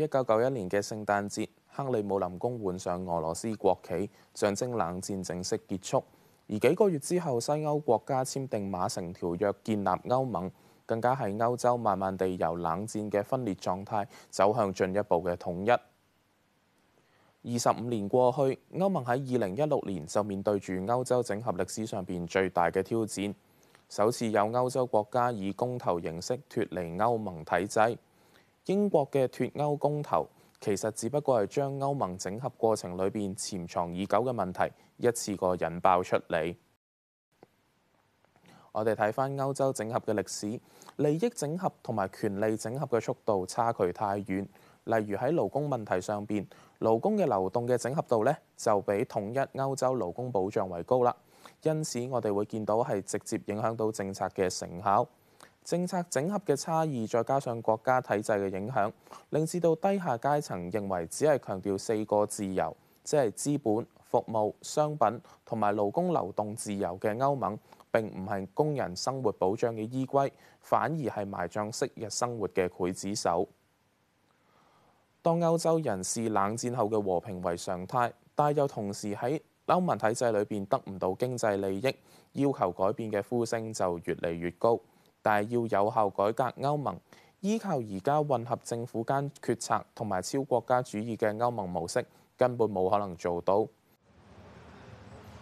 一九九一年嘅聖誕節，克里姆林宮換上俄羅斯國旗，象徵冷戰正式結束。而幾個月之後，西歐國家簽訂馬城條約，建立歐盟，更加係歐洲慢慢地由冷戰嘅分裂狀態走向進一步嘅統一。二十五年過去，歐盟喺二零一六年就面對住歐洲整合歷史上邊最大嘅挑戰，首次有歐洲國家以公投形式脱離歐盟體制。英國嘅脱歐公投其實只不過係將歐盟整合過程裏邊潛藏已久嘅問題一次過引爆出嚟。我哋睇返歐洲整合嘅歷史，利益整合同埋權力整合嘅速度差距太遠。例如喺勞工問題上邊，勞工嘅流動嘅整合度呢，就比統一歐洲勞工保障為高啦。因此我哋會見到係直接影響到政策嘅成效。政策整合嘅差異，再加上國家體制嘅影響，令至到低下階層認為，只係強調四個自由，即係資本、服務、商品同埋勞工流動自由嘅歐盟並唔係工人生活保障嘅依歸，反而係埋葬昔日生活嘅劊子手。當歐洲人視冷戰後嘅和平為常態，但又同時喺歐盟體制裏邊得唔到經濟利益，要求改變嘅呼聲就越嚟越高。但係要有效改革歐盟，依靠而家混合政府間決策同埋超國家主義嘅歐盟模式，根本冇可能做到。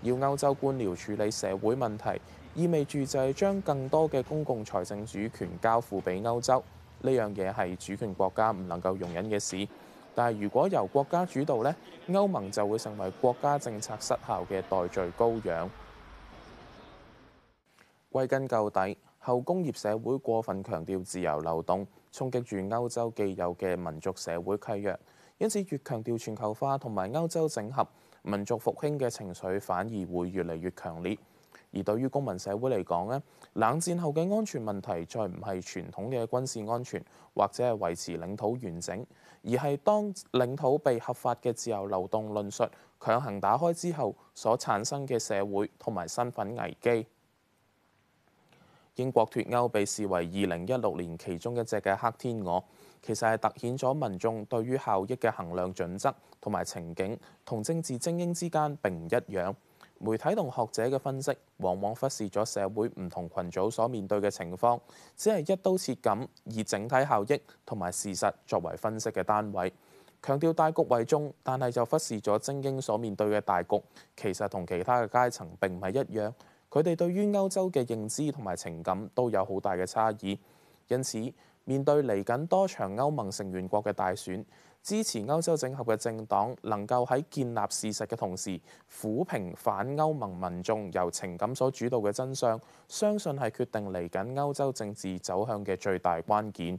要歐洲官僚處理社會問題，意味住就係將更多嘅公共財政主權交付俾歐洲。呢樣嘢係主權國家唔能夠容忍嘅事。但係如果由國家主導呢，歐盟就會成為國家政策失效嘅代罪羔羊。歸根究底，後工業社會過分強調自由流動，衝擊住歐洲既有嘅民族社會契約，因此越強調全球化同埋歐洲整合，民族復興嘅情緒反而會越嚟越強烈。而對於公民社會嚟講呢，冷戰後嘅安全問題再唔係傳統嘅軍事安全或者係維持領土完整，而係當領土被合法嘅自由流動論述強行打開之後，所產生嘅社會同埋身份危機。英國脱歐被視為二零一六年其中一隻嘅黑天鵝，其實係突顯咗民眾對於效益嘅衡量準則同埋情景同政治精英之間並唔一樣。媒體同學者嘅分析往往忽視咗社會唔同群組所面對嘅情況，只係一刀切咁以整體效益同埋事實作為分析嘅單位，強調大局為重，但係就忽視咗精英所面對嘅大局其實同其他嘅階層並唔係一樣。佢哋對於歐洲嘅認知同埋情感都有好大嘅差異，因此面對嚟緊多場歐盟成員國嘅大選，支持歐洲整合嘅政黨能夠喺建立事實嘅同時，撫平反歐盟民眾由情感所主導嘅真相，相信係決定嚟緊歐洲政治走向嘅最大關鍵。